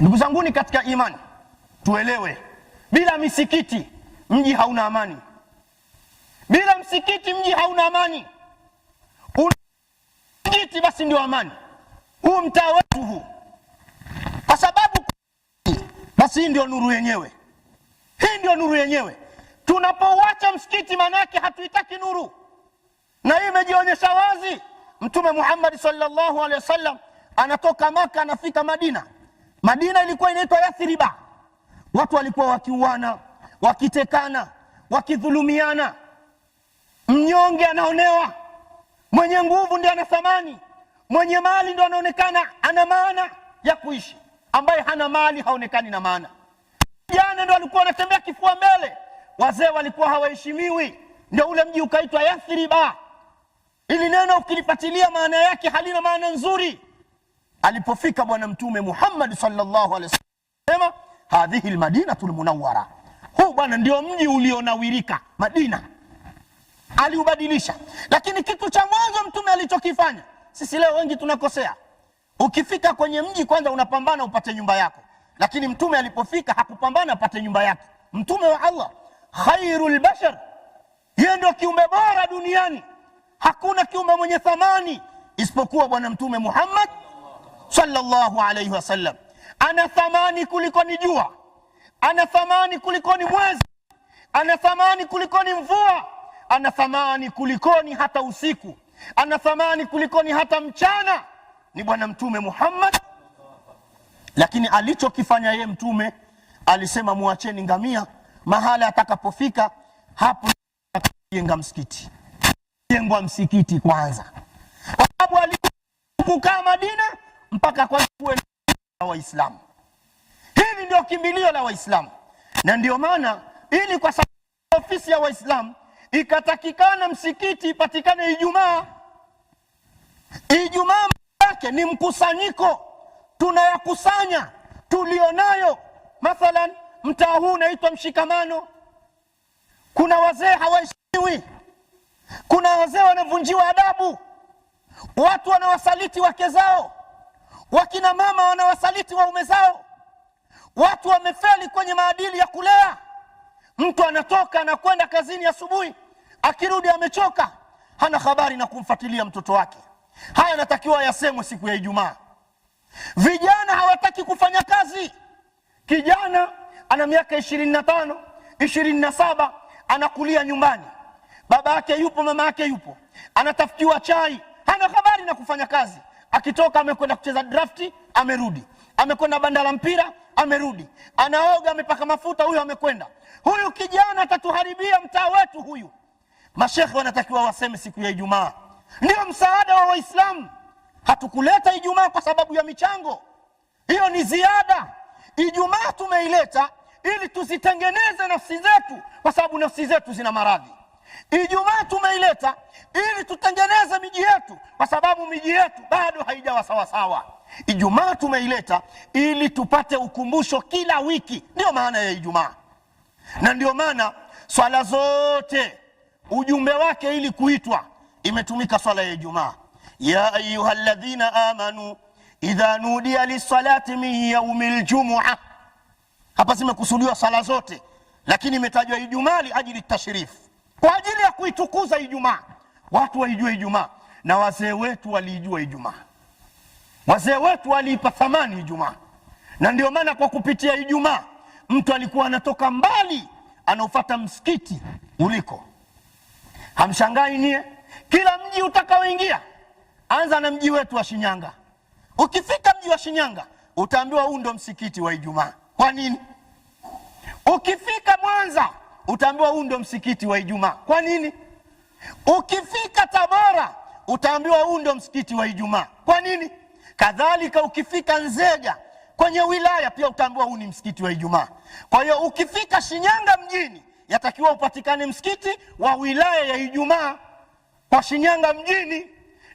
Ndugu zanguni katika imani, tuelewe, bila misikiti mji hauna amani. Bila msikiti mji hauna amani. Una msikiti basi ndio amani, huu mtaa wetu huu, kwa sababu basi hii ndio nuru yenyewe, hii ndio nuru yenyewe. Tunapouacha msikiti, maana yake hatuitaki nuru, na hii imejionyesha wazi. Mtume Muhammad sallallahu alaihi wasallam anatoka Maka anafika Madina Madina ilikuwa inaitwa Yathriba. Watu walikuwa wakiuana, wakitekana, wakidhulumiana. Mnyonge anaonewa, mwenye nguvu ndio ana thamani, mwenye mali ndio anaonekana ana maana ya kuishi, ambaye hana mali haonekani na maana. Vijana ndio walikuwa wanatembea kifua mbele, wazee walikuwa hawaheshimiwi, ndio ule mji ukaitwa Yathriba. Ili neno ukilipatilia maana yake halina maana nzuri. Alipofika Bwana Mtume Muhammad sallallahu alaihi wasallam, sema hadhihi almadinatu almunawwara, huu bwana ndio mji ulionawirika Madina. Aliubadilisha, lakini kitu cha mwanzo mtume alichokifanya, sisi leo wengi tunakosea. Ukifika kwenye mji kwanza unapambana upate nyumba yako, lakini mtume alipofika hakupambana apate nyumba yake. Mtume wa Allah khairul bashar, yeye ndio kiumbe bora duniani, hakuna kiumbe mwenye thamani isipokuwa Bwana Mtume Muhammad sallallahu alaihi wasallam, ana thamani kuliko ni jua, ana thamani kuliko ni mwezi, ana thamani kuliko ni mvua, ana thamani kuliko ni hata usiku, ana thamani kuliko ni hata mchana, ni Bwana Mtume Muhammad. Lakini alichokifanya ye Mtume alisema, muacheni ngamia mahala atakapofika, hapo jenga msikiti, jengwa msikiti kwanza, kwa sababu alikukaa Madina mpaka kwanza tuwe na Waislamu. Hili ndio kimbilio la Waislamu, na ndio maana ili kwa sababu ofisi ya Waislamu ikatakikana msikiti ipatikane Ijumaa. Ijumaa yake ni mkusanyiko, tunayakusanya tulionayo. Mathalan, mtaa huu unaitwa Mshikamano, kuna wazee hawaheshimiwi, kuna wazee wanavunjiwa adabu, watu wanawasaliti wake zao Wakina mama wanawasaliti waume zao, watu wamefeli kwenye maadili ya kulea. Mtu anatoka anakwenda kazini asubuhi, akirudi amechoka, hana habari na kumfuatilia mtoto wake. Haya anatakiwa yasemwe siku ya Ijumaa. Vijana hawataki kufanya kazi. Kijana ana miaka ishirini na tano ishirini na saba anakulia nyumbani, baba yake yupo, mama yake yupo, anatafutiwa chai, hana habari na kufanya kazi akitoka amekwenda kucheza drafti, amerudi, amekwenda banda la mpira, amerudi, anaoga, amepaka mafuta, huyu amekwenda. Huyu kijana atatuharibia mtaa wetu huyu. Mashekhe wanatakiwa waseme siku ya Ijumaa ndio msaada wa Waislamu. Hatukuleta Ijumaa kwa sababu ya michango, hiyo ni ziada. Ijumaa tumeileta ili tuzitengeneze nafsi zetu, kwa sababu nafsi zetu zina maradhi. Ijumaa tumeileta ili tutengeneze miji yetu, kwa sababu miji yetu bado haijawa sawasawa. Ijumaa tumeileta ili tupate ukumbusho kila wiki, ndio maana ya Ijumaa na ndio maana swala zote ujumbe wake ili kuitwa imetumika swala ya Ijumaa. ya ayuha alladhina amanu idha nudiya lissalati min yaumi ljumua. Hapa zimekusudiwa swala zote, lakini imetajwa Ijumaa ajili tashrifu kwa ajili ya kuitukuza Ijumaa, watu waijue Ijumaa na wazee wetu waliijua Ijumaa, wazee wetu waliipa thamani Ijumaa, na ndio maana kwa kupitia Ijumaa mtu alikuwa anatoka mbali anaofata msikiti uliko. Hamshangai nie, kila mji utakaoingia, anza na mji wetu wa Shinyanga. Ukifika mji wa Shinyanga utaambiwa huu ndio msikiti wa Ijumaa. Kwa nini? Ukifika Mwanza utaambiwa huu ndio msikiti wa Ijumaa. Kwa nini? Ukifika Tabora utaambiwa huu ndio msikiti wa Ijumaa. Kwa nini? Kadhalika ukifika Nzega kwenye wilaya pia utaambiwa huu ni msikiti wa Ijumaa. Kwa hiyo ukifika Shinyanga mjini, yatakiwa upatikane msikiti wa wilaya ya Ijumaa kwa Shinyanga mjini,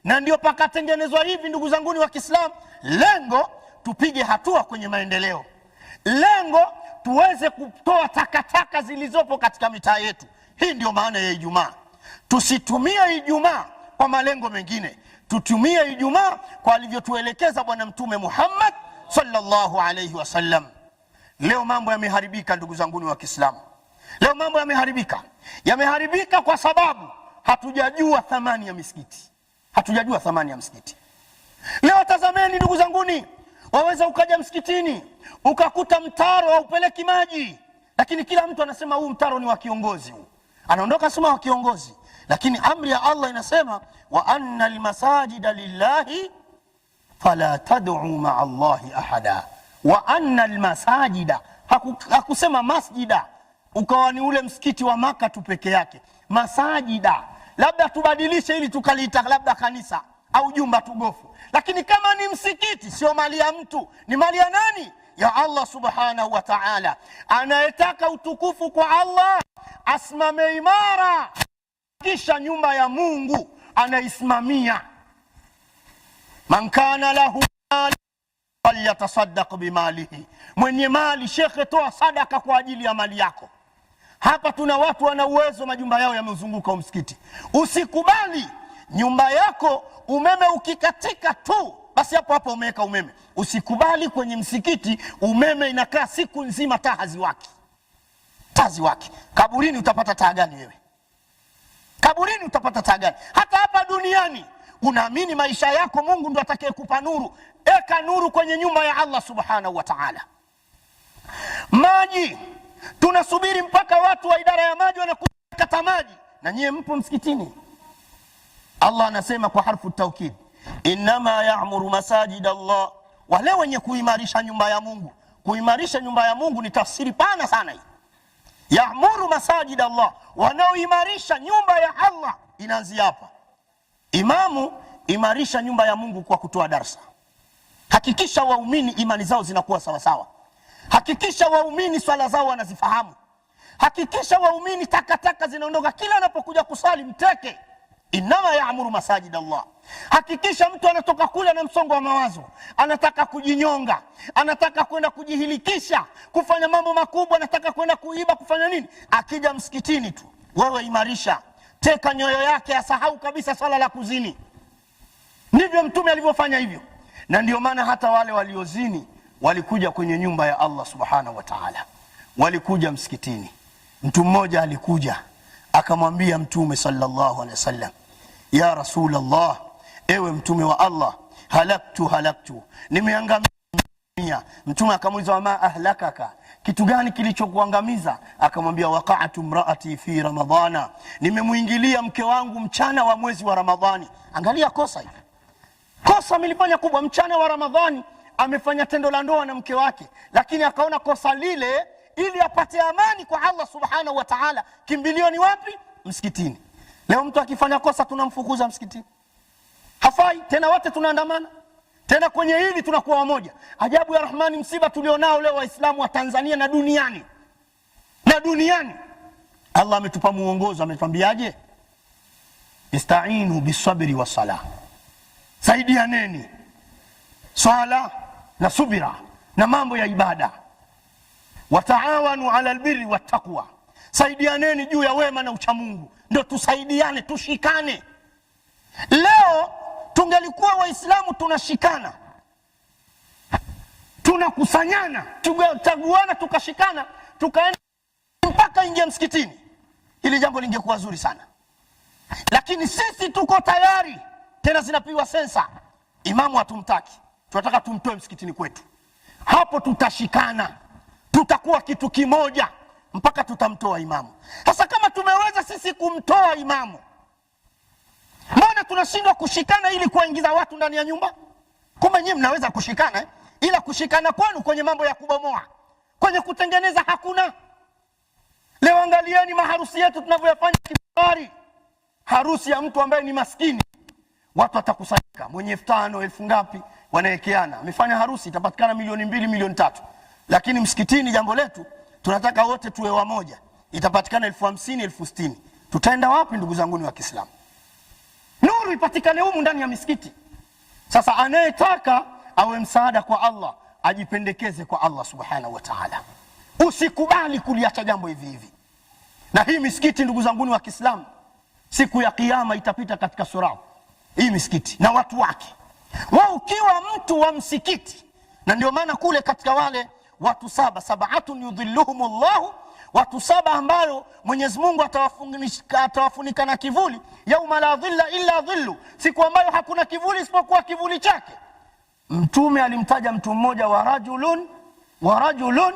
na ndio pakatengenezwa hivi. Ndugu zanguni wa Kiislamu, lengo tupige hatua kwenye maendeleo, lengo tuweze kutoa takataka zilizopo katika mitaa yetu. Hii ndio maana ya Ijumaa. Tusitumie Ijumaa kwa malengo mengine, tutumie Ijumaa kwa alivyotuelekeza Bwana Mtume Muhammad sallallahu alaihi wasallam. Leo mambo yameharibika, ndugu zanguni wa Kiislamu. Leo mambo yameharibika, yameharibika kwa sababu hatujajua thamani ya misikiti, hatujajua thamani ya msikiti. Leo tazameni, ndugu zanguni Waweza ukaja msikitini ukakuta mtaro haupeleki maji, lakini kila mtu anasema huu mtaro ni wa kiongozi, huu anaondoka sema wa kiongozi, lakini amri ya Allah inasema wa anna lmasajida lillahi fala tad'u ma'a llahi ahada. Wa anna lmasajida haku, hakusema masjida ukawa ni ule msikiti wa Maka tu peke yake, masajida labda tubadilishe ili tukaliita labda kanisa au jumba tugofu. Lakini kama ni msikiti, sio mali ya mtu, ni mali ya nani? Ya Allah subhanahu wa ta'ala. Anayetaka utukufu kwa Allah asimame imara, kisha nyumba ya Mungu anaisimamia. man kana lahu mal falyatasaddaq bimalihi, mwenye mali shekhe, toa sadaka kwa ajili ya mali yako. Hapa tuna watu wana uwezo, majumba yao yamezunguka msikiti. Usikubali nyumba yako umeme ukikatika tu basi hapo hapo umeweka umeme. Usikubali kwenye msikiti umeme inakaa siku nzima, taa haziwaki, taa haziwaki. Kaburini utapata taa gani wewe? Kaburini utapata taa gani? Hata hapa duniani unaamini maisha yako Mungu ndo atakayekupa nuru. Eka nuru kwenye nyumba ya Allah subhanahu wa ta'ala. Maji tunasubiri mpaka watu wa idara ya maji wanakata maji, na nyie mpo msikitini Allah anasema kwa harfu taukid, inama ya'muru masajid Allah, wale wenye kuimarisha nyumba ya Mungu. Kuimarisha nyumba ya Mungu ni tafsiri pana sana hii. Ya'muru masajid Allah, wanaoimarisha nyumba ya Allah. Inaanzia hapa. Imamu, imarisha nyumba ya Mungu kwa kutoa darsa. Hakikisha waumini imani zao zinakuwa sawasawa. Hakikisha waumini swala zao wanazifahamu. Hakikisha waumini takataka zinaondoka kila anapokuja kusali mteke inama yaamuru masajid Allah. Hakikisha mtu anatoka kule ana msongo wa mawazo, anataka kujinyonga, anataka kwenda kujihilikisha, kufanya mambo makubwa, anataka kwenda kuiba, kufanya nini? Akija msikitini tu, wewe imarisha, teka nyoyo yake, asahau kabisa swala la kuzini. Ndivyo Mtume alivyofanya hivyo, na ndio maana hata wale waliozini walikuja kwenye nyumba ya Allah subhanahu wa ta'ala, walikuja msikitini. Mtu mmoja alikuja akamwambia Mtume sallallahu alaihi wasallam ya rasul Allah, ewe mtume wa Allah, halaktu halaktu, nimeangamia. Mtume akamuliza wama ahlakaka, kitu gani kilichokuangamiza? Akamwambia waqa'atu mraati fi ramadhana, nimemwingilia mke wangu mchana wa mwezi wa Ramadhani. Angalia kosa hili, kosa amelifanya kubwa, mchana wa Ramadhani amefanya tendo la ndoa na mke wake, lakini akaona kosa lile ili apate amani kwa Allah subhanahu wa ta'ala, kimbilio ni wapi? Msikitini. Leo mtu akifanya kosa tunamfukuza msikitini, hafai tena, wote tunaandamana tena kwenye hili tunakuwa wamoja. Ajabu ya Rahmani, msiba tulionao leo Waislamu wa Tanzania na duniani na duniani. Allah ametupa muongozo, ametwambiaje? Istainu bisabri wasala, saidianeni swala na subira na mambo ya ibada. Wataawanu ala albirri wattaqwa, saidianeni juu ya wema na uchamungu ndo tusaidiane, tushikane. Leo tungelikuwa Waislamu tunashikana tunakusanyana tuchaguana tukashikana tukaenda mpaka ingia msikitini, ili jambo lingekuwa zuri sana, lakini sisi tuko tayari tena, zinapigwa sensa, imamu hatumtaki, tunataka tumtoe msikitini kwetu. Hapo tutashikana, tutakuwa kitu kimoja mpaka tutamtoa imamu. Sasa kama tumeweza sisi kumtoa imamu, mbona tunashindwa kushikana ili kuwaingiza watu ndani ya nyumba? Kumbe nyinyi mnaweza kushikana, eh? ila kushikana kwenu kwenye mambo ya kubomoa, kwenye kutengeneza hakuna. Leo angalieni maharusi yetu tunavyoyafanya kifahari. Harusi ya mtu ambaye ni maskini, watu watakusanyika, mwenye elfu tano elfu ngapi, wanawekeana. Amefanya harusi, itapatikana milioni mbili, milioni tatu. Lakini msikitini jambo letu tunataka wote tuwe wamoja, itapatikana elfu hamsini elfu sitini Tutaenda wapi ndugu zanguni wa Kiislamu? Nuru ipatikane humu ndani ya misikiti. Sasa anayetaka awe msaada kwa Allah ajipendekeze kwa Allah subhanahu wa ta'ala, usikubali kuliacha jambo hivi hivi. Na hii misikiti ndugu zanguni wa Kiislamu, siku ya Kiyama itapita katika sura hii misikiti na watu wake. Wewe ukiwa mtu wa msikiti, na ndio maana kule katika wale watu saba, sabaatun yudhilluhum llahu, watu saba ambao Mwenyezi Mungu atawafunika, atawafunika na kivuli, yauma la dhilla illa dhillu, siku ambayo hakuna kivuli isipokuwa kivuli chake. Mtume alimtaja mtu mmoja wa rajulun wa rajulun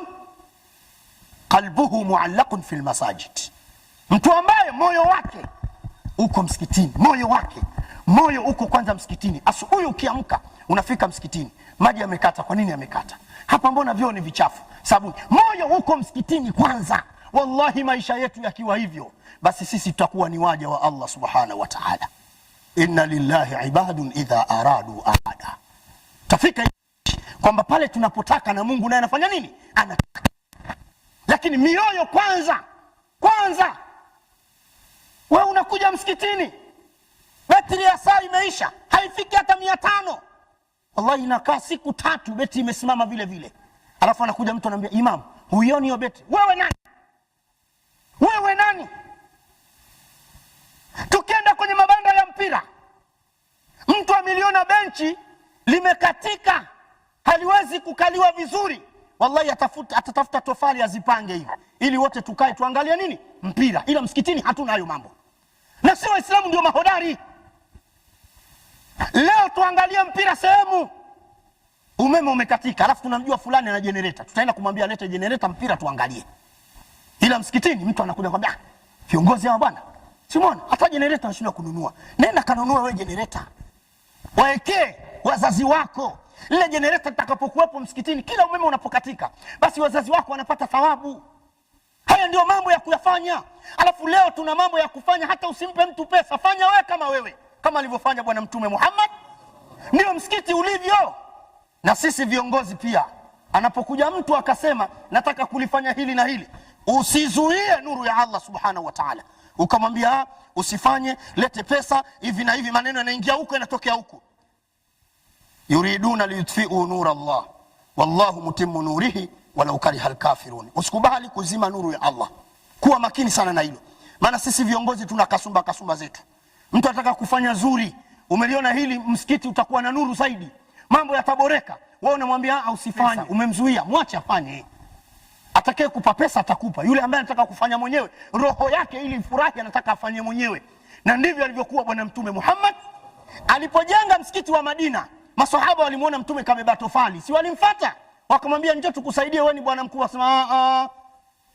qalbuhu muallaqun fil masajid, mtu ambaye moyo wake uko msikitini, moyo wake moyo uko kwanza msikitini. Asubuhi ukiamka unafika msikitini, maji yamekata. Kwa nini yamekata? hapa mbona vyoo ni vichafu? Sabuni. Moyo huko msikitini kwanza. Wallahi, maisha yetu yakiwa hivyo, basi sisi tutakuwa ni waja wa Allah subhanahu wa ta'ala. Inna lillahi ibadun idha aradu ahada. Tafika kwamba pale tunapotaka na Mungu naye anafanya nini? Anataka. Lakini mioyo kwanza, kwanza. Wewe unakuja msikitini, betri ya saa imeisha, haifiki hata mia tano wallahi, inakaa siku tatu beti imesimama vile vile, alafu anakuja mtu anamwambia Imam, huioni hiyo beti? Wewe nani? Wewe nani? Tukienda kwenye mabanda ya mpira, mtu ameliona benchi limekatika, haliwezi kukaliwa vizuri, wallahi atafuta, atatafuta tofali azipange hivi ili wote tukae tuangalie nini mpira, ila msikitini hatuna hayo mambo, na sio Waislamu ndio mahodari. Leo tuangalie mpira sehemu umeme umekatika, alafu tunamjua fulani ana jenereta, tutaenda kumwambia alete jenereta, mpira tuangalie. Ila msikitini mtu anakuja kwambia viongozi ah, hawa bwana, simona hata jenereta anashindwa kununua. Nenda kanunua wewe jenereta, waekee wazazi wako lile jenereta litakapokuwepo msikitini, kila umeme unapokatika, basi wazazi wako wanapata thawabu. Haya ndio mambo ya kuyafanya. Alafu leo tuna mambo ya kufanya, hata usimpe mtu pesa, fanya wewe kama wewe kama alivyofanya Bwana Mtume Muhammad, ndio msikiti ulivyo. Na sisi viongozi pia, anapokuja mtu akasema nataka kulifanya hili na hili, usizuie nuru ya Allah subhanahu wa ta'ala, ukamwambia ah, usifanye, lete pesa hivi na hivi, maneno yanaingia huko yanatokea huko. yuriduna liyutfiu nur Allah wallahu mutimmu nurihi walau kariha alkafirun. Usikubali kuzima nuru ya Allah, kuwa makini sana na hilo, maana sisi viongozi tuna kasumba kasumba zetu. Mtu anataka kufanya zuri, umeliona hili msikiti utakuwa na nuru zaidi, mambo yataboreka. Wewe unamwambia ah, usifanye, umemzuia, mwache afanye. Atakaye kupa pesa atakupa, yule ambaye anataka kufanya mwenyewe, roho yake ili furahi, anataka afanye mwenyewe. Na ndivyo alivyokuwa Bwana Mtume Muhammad alipojenga msikiti wa Madina. Masahaba walimwona Mtume kabeba tofali, si walimfuata, wakamwambia njoo tukusaidie, wewe ni bwana mkuu. Asema ah, ah.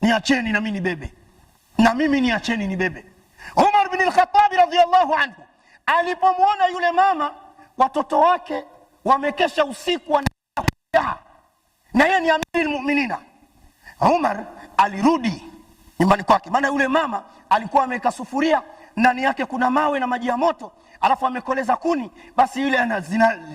niacheni na mimi nibebe, na mimi niacheni nibebe. Umar bin al-Khattab radhiyallahu anhu alipomwona yule mama watoto wake wamekesha usiku wa na yeye ni amiri muminina, Umar alirudi nyumbani kwake, maana yule mama alikuwa ameweka sufuria ndani yake kuna mawe na maji ya moto alafu amekoleza kuni, basi yule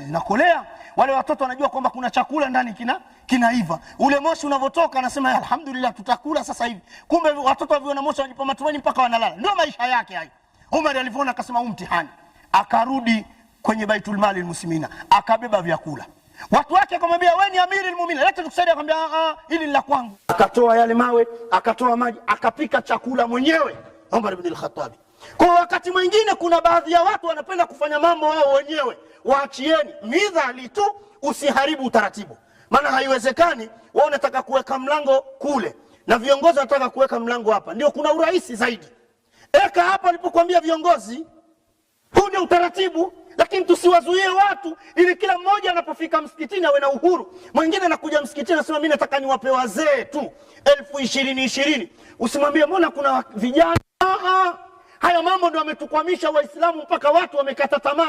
zinakolea, wale watoto wanajua kwamba kuna chakula ndani kina kinaiva. Ule moshi unavotoka, anasema alhamdulillah, tutakula sasa hivi. Kumbe watoto waviona moshi wanajipa matumaini mpaka wanalala. Ndio maisha yake hayo. Umar alivyoona akasema, huu mtihani, akarudi kwenye Baitul Mali Muslimina, akabeba vyakula watu wake akamwambia, wewe ni amiri almuumini, lete tukusaidia. Akamwambia, ah, ah hili la kwangu. Akatoa yale mawe, akatoa maji, akapika chakula mwenyewe Umar ibn al-Khattab. Kwa wakati mwingine kuna baadhi ya watu wanapenda kufanya mambo wao wenyewe, waachieni midhali tu, usiharibu utaratibu. Maana haiwezekani wao unataka kuweka mlango kule na viongozi wanataka kuweka mlango hapa, ndio kuna urahisi zaidi. Eka hapa nilipokuambia viongozi, huu ndio utaratibu, lakini tusiwazuie watu, ili kila mmoja anapofika msikitini awe na uhuru. Mwingine anakuja msikitini anasema mimi nataka niwape wazee tu elfu ishirini ishirini, usimwambie mbona kuna vijana haya mambo ndio yametukwamisha waislamu mpaka watu wamekata tamaa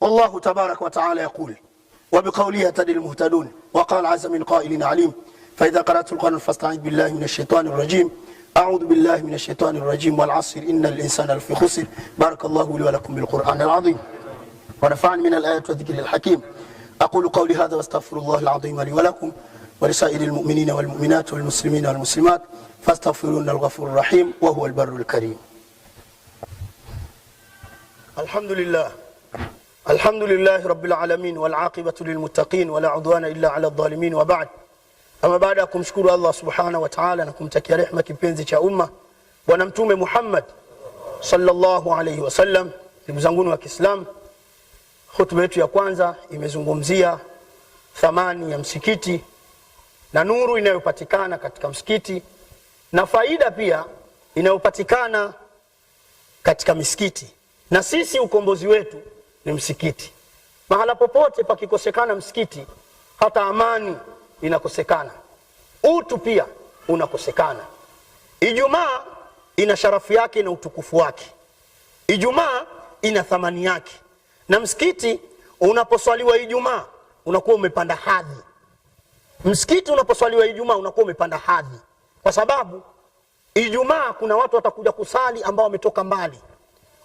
والله تبارك وتعالى يقول وبقوله يهتدي المهتدون وقال عز من قائل عليم فإذا قرأت القرآن فاستعذ بالله من الشيطان الرجيم أعوذ بالله من الشيطان الرجيم والعصر إن الإنسان لفي خسر بارك الله لي ولكم بالقرآن العظيم ونفعني من الآيات وذكر الحكيم أقول قولي هذا واستغفر الله العظيم لي ولكم ورسائل المؤمنين والمؤمنات والمسلمين والمسلمات فاستغفرون الغفور الرحيم وهو البر الكريم الحمد لله الحمد لله رب العالمين والعاقبة للمتقين ولا عدوان إلا على الظالمين وبعد أما بعد أكم شكر الله سبحانه وتعالى انكم تكي رحمة بنزي أمة ونمتوم محمد صلى الله عليه وسلم لمزنقون وكسلام خطبة يا كوانزا يمزنقوم زيا ثماني يمسكيتي na nuru inayopatikana katika msikiti na faida pia inayopatikana katika misikiti. Na sisi ukombozi wetu ni msikiti. Mahala popote pakikosekana msikiti, hata amani inakosekana, utu pia unakosekana. Ijumaa ina sharafu yake na utukufu wake. Ijumaa ina thamani yake, na msikiti unaposwaliwa Ijumaa unakuwa umepanda hadhi. Msikiti unaposwaliwa Ijumaa unakuwa umepanda hadhi, kwa sababu Ijumaa kuna watu watakuja kusali ambao wametoka mbali.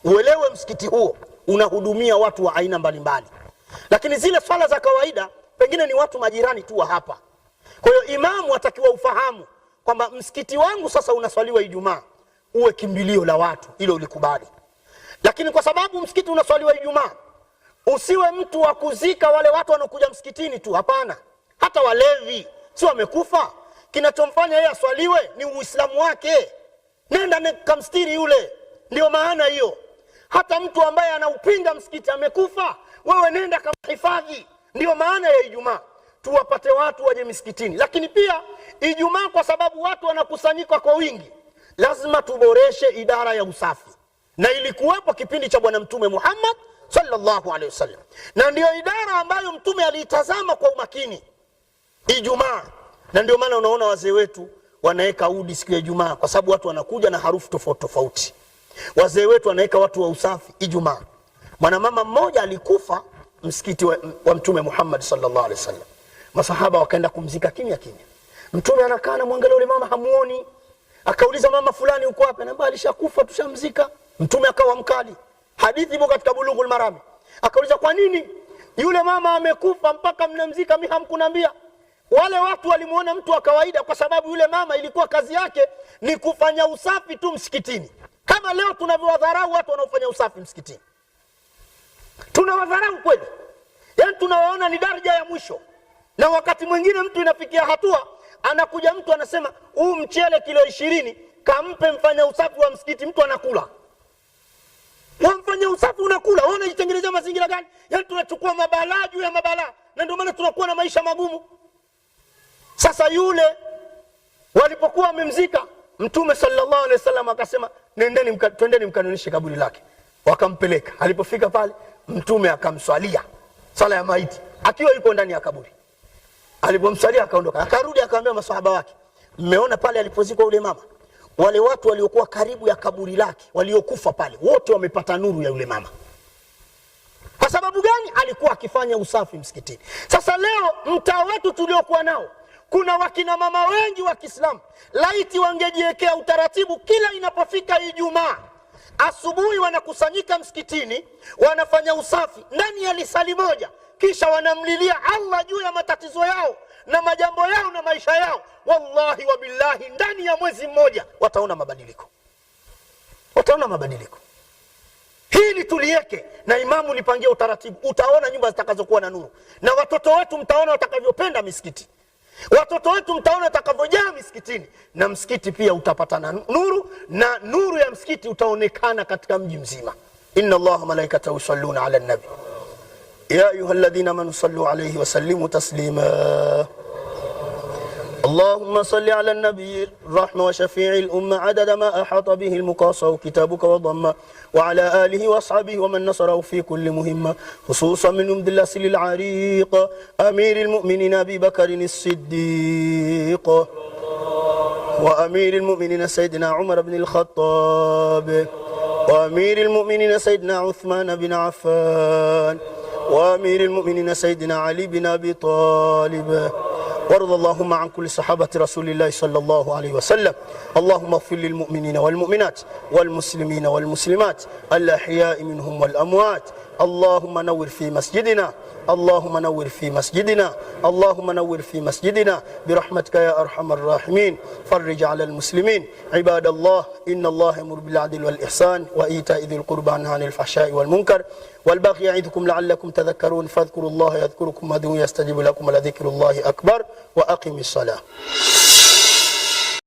Uelewe msikiti huo unahudumia watu wa aina mbalimbali mbali. Lakini zile swala za kawaida pengine ni watu majirani tu wa hapa. Kwa hiyo imamu atakiwa ufahamu kwamba msikiti wangu sasa unaswaliwa Ijumaa, uwe kimbilio la watu, hilo ulikubali. Lakini kwa sababu msikiti unaswaliwa Ijumaa, usiwe mtu wa kuzika wale watu wanaokuja msikitini tu, hapana. Hata walevi si wamekufa? Kinachomfanya yeye aswaliwe ni Uislamu wake. Nenda kamstiri yule. Ndio maana hiyo, hata mtu ambaye anaupinga msikiti amekufa, wewe nenda kamhifadhi. Ndio maana ya Ijumaa, tuwapate watu waje misikitini. Lakini pia Ijumaa, kwa sababu watu wanakusanyika kwa wingi, lazima tuboreshe idara ya usafi, na ilikuwepo kipindi cha Bwana Mtume Muhammad sallallahu alaihi wasallam, na ndiyo idara ambayo Mtume aliitazama kwa umakini. Ijumaa. Na ndio maana unaona wazee wetu wanaweka udi siku ya Ijumaa kwa sababu watu wanakuja na harufu tofauti tofauti. Wazee wetu wanaweka watu wa usafi Ijumaa. Mwanamama mmoja alikufa msikiti wa, wa Mtume Muhammad sallallahu alaihi wasallam. Masahaba wakaenda kumzika kimya kimya. Mtume anakaa na mwangalia yule mama hamuoni. Akauliza, mama fulani uko wapi? Anambia alishakufa tushamzika. Mtume akawa mkali. Hadithi ipo katika Bulughul Maram. Akauliza, kwa nini yule mama amekufa mpaka mnamzika mimi hamkuniambia? Wale watu walimwona mtu wa kawaida, kwa sababu yule mama ilikuwa kazi yake ni kufanya usafi tu msikitini, kama leo tunavyowadharau watu wanaofanya usafi msikitini. Tunawadharau kweli, yaani tunawaona ni daraja ya mwisho, na wakati mwingine mtu inafikia hatua anakuja mtu anasema, huu mchele kilo ishirini kampe mfanya usafi wa msikiti, mtu anakula wamfanya usafi unakula, wanajitengenezea mazingira gani? Yaani tunachukua mabalaa juu ya mabalaa, na ndio maana tunakuwa na maisha magumu. Sasa yule walipokuwa wamemzika Mtume sallallahu alaihi wasallam akasema, nendeni twendeni mkanunishe kaburi lake. Wakampeleka, alipofika pale Mtume akamswalia sala ya maiti akiwa yuko ndani ya kaburi. Alipomswalia akaondoka, akarudi akaambia masahaba wake, mmeona pale alipozikwa yule mama, wale watu waliokuwa karibu ya kaburi lake waliokufa pale wote wamepata nuru ya yule mama. Kwa sababu gani? Alikuwa akifanya usafi msikitini. Sasa leo mtaa wetu tuliokuwa nao kuna wakina mama wengi wa Kiislamu, laiti wangejiwekea utaratibu, kila inapofika Ijumaa asubuhi wanakusanyika msikitini, wanafanya usafi ndani ya lisali moja, kisha wanamlilia Allah juu ya matatizo yao na majambo yao na maisha yao. Wallahi wabillahi, ndani ya mwezi mmoja wataona mabadiliko, wataona mabadiliko. ni tulieke na imamu lipangia utaratibu, utaona nyumba zitakazokuwa na nuru na watoto wetu mtaona watakavyopenda misikiti. Watoto wetu mtaona atakavyojaa misikitini, na msikiti pia utapata na nuru, na nuru ya msikiti utaonekana katika mji mzima. inna allaha malaikatahu yusalluna ala nabi ya ayuha alladhina amanu sallu alayhi wa sallimu taslima اللهم صل على النبي الرحمة وشفيع الأمة عدد ما أحاط به المقاصة وكتابك وضمة وعلى آله وأصحابه ومن نصره في كل مهمة خصوصا من أمد الأسل العريق أمير المؤمنين أبي بكر الصديق وأمير المؤمنين سيدنا عمر بن الخطاب وأمير المؤمنين سيدنا عثمان بن عفان وأمير المؤمنين سيدنا علي بن أبي طالب وارض اللهم عن كل صحابة رسول الله صلى الله عليه وسلم اللهم اغفر للمؤمنين والمؤمنات والمسلمين والمسلمات الأحياء منهم والأموات اللهم نور في مسجدنا اللهم نور في مسجدنا اللهم نور في مسجدنا برحمتك يا أرحم الراحمين فرج على المسلمين عباد الله إن الله يمر بالعدل والإحسان وإيتاء ذي القربى عن الفحشاء والمنكر والباقي يعيدكم لعلكم تذكرون فاذكروا الله يذكركم ودعوه يستجيب لكم ولذكر الله أكبر وأقم الصلاة